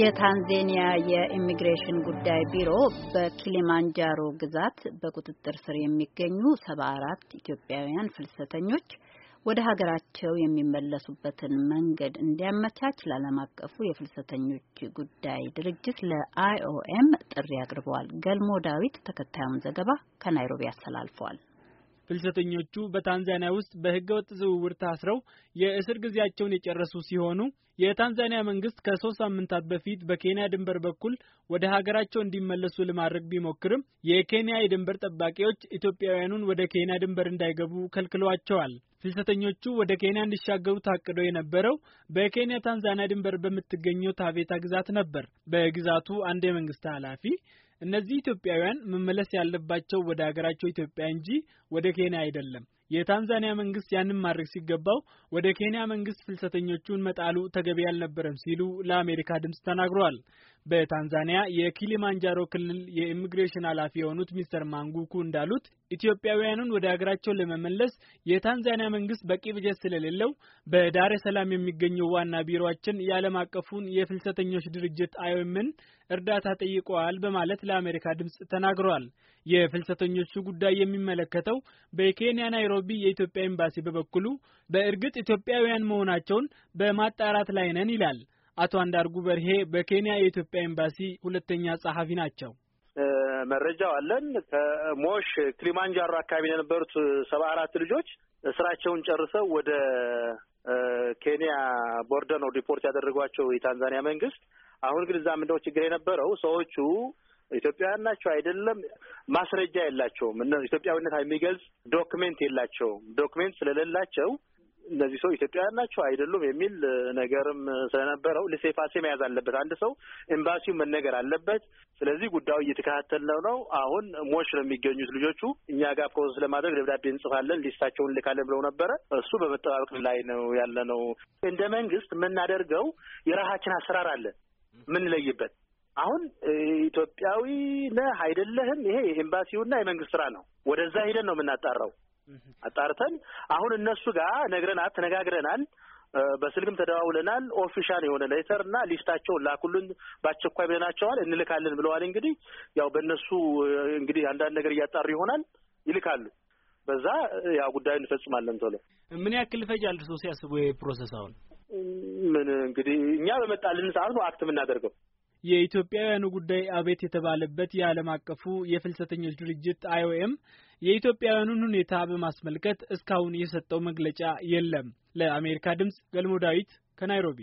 የታንዜኒያ የኢሚግሬሽን ጉዳይ ቢሮ በኪሊማንጃሮ ግዛት በቁጥጥር ስር የሚገኙ ሰባ አራት ኢትዮጵያውያን ፍልሰተኞች ወደ ሀገራቸው የሚመለሱበትን መንገድ እንዲያመቻች ለዓለም አቀፉ የፍልሰተኞች ጉዳይ ድርጅት ለአይኦኤም ጥሪ አቅርበዋል። ገልሞ ዳዊት ተከታዩን ዘገባ ከናይሮቢ አስተላልፏል። ፍልሰተኞቹ በታንዛኒያ ውስጥ በህገ ወጥ ዝውውር ታስረው የእስር ጊዜያቸውን የጨረሱ ሲሆኑ የታንዛኒያ መንግስት ከሶስት ሳምንታት በፊት በኬንያ ድንበር በኩል ወደ ሀገራቸው እንዲመለሱ ለማድረግ ቢሞክርም የኬንያ የድንበር ጠባቂዎች ኢትዮጵያውያኑን ወደ ኬንያ ድንበር እንዳይገቡ ከልክሏቸዋል። ፍልሰተኞቹ ወደ ኬንያ እንዲሻገሩ ታቅዶ የነበረው በኬንያ ታንዛኒያ ድንበር በምትገኘው ታቤታ ግዛት ነበር። በግዛቱ አንድ የመንግስት ኃላፊ እነዚህ ኢትዮጵያውያን መመለስ ያለባቸው ወደ ሀገራቸው ኢትዮጵያ እንጂ ወደ ኬንያ አይደለም የታንዛኒያ መንግስት ያንን ማድረግ ሲገባው ወደ ኬንያ መንግስት ፍልሰተኞቹን መጣሉ ተገቢ አልነበረም ሲሉ ለአሜሪካ ድምፅ ተናግረዋል። በታንዛኒያ የኪሊማንጃሮ ክልል የኢሚግሬሽን ኃላፊ የሆኑት ሚስተር ማንጉኩ እንዳሉት ኢትዮጵያውያኑን ወደ ሀገራቸው ለመመለስ የታንዛኒያ መንግስት በቂ በጀት ስለሌለው በዳሬ ሰላም የሚገኘው ዋና ቢሮችን የዓለም አቀፉን የፍልሰተኞች ድርጅት አይኦኤምን እርዳታ ጠይቀዋል በማለት ለአሜሪካ ድምጽ ተናግረዋል። የፍልሰተኞቹ ጉዳይ የሚመለከተው በኬንያ ናይሮቢ የኢትዮጵያ ኤምባሲ በበኩሉ በእርግጥ ኢትዮጵያውያን መሆናቸውን በማጣራት ላይ ነን ይላል። አቶ አንዳርጉ በርሄ በኬንያ የኢትዮጵያ ኤምባሲ ሁለተኛ ጸሐፊ ናቸው። መረጃው አለን። ከሞሽ ክሊማንጃሮ አካባቢ የነበሩት ሰባ አራት ልጆች ስራቸውን ጨርሰው ወደ ኬንያ ቦርደር ነው ሪፖርት ያደረጓቸው የታንዛኒያ መንግስት። አሁን ግን እዛ ምንድነው ችግር የነበረው ሰዎቹ ኢትዮጵያውያን ናቸው አይደለም፣ ማስረጃ የላቸውም። ኢትዮጵያዊነት የሚገልጽ ዶክሜንት የላቸውም። ዶክሜንት ስለሌላቸው እነዚህ ሰው ኢትዮጵያውያን ናቸው አይደሉም የሚል ነገርም ስለነበረው ልሴፋሴ መያዝ አለበት። አንድ ሰው ኤምባሲው መነገር አለበት። ስለዚህ ጉዳዩ እየተከታተልነው ነው። አሁን ሞሽ ነው የሚገኙት ልጆቹ። እኛ ጋር ፕሮሰስ ለማድረግ ደብዳቤ እንጽፋለን፣ ሊስታቸውን ልካለን ብለው ነበረ። እሱ በመጠባበቅ ላይ ነው ያለ ነው። እንደ መንግስት የምናደርገው የራሳችን አሰራር አለ የምንለይበት። አሁን ኢትዮጵያዊ ነህ አይደለህም፣ ይሄ የኤምባሲውና የመንግስት ስራ ነው። ወደዛ ሄደን ነው የምናጣራው። አጣርተን አሁን እነሱ ጋር ነግረናት ተነጋግረናል። በስልክም ተደዋውለናል። ኦፊሻል የሆነ ሌተር እና ሊስታቸውን ላኩልን በአስቸኳይ ብለናቸዋል። እንልካለን ብለዋል። እንግዲህ ያው በእነሱ እንግዲህ አንዳንድ ነገር እያጣሩ ይሆናል ይልካሉ። በዛ ያ ጉዳዩ እንፈጽማለን። ቶሎ ምን ያክል ፈጃል እርስዎ ሲያስቡ ፕሮሰስ? አሁን ምን እንግዲህ እኛ በመጣልን ሰዓት ነው አክት የምናደርገው። የኢትዮጵያውያኑ ጉዳይ አቤት የተባለበት የዓለም አቀፉ የፍልሰተኞች ድርጅት አይኦኤም የኢትዮጵያውያኑን ሁኔታ በማስመልከት እስካሁን የሰጠው መግለጫ የለም። ለአሜሪካ ድምፅ ገልሞ ዳዊት ከናይሮቢ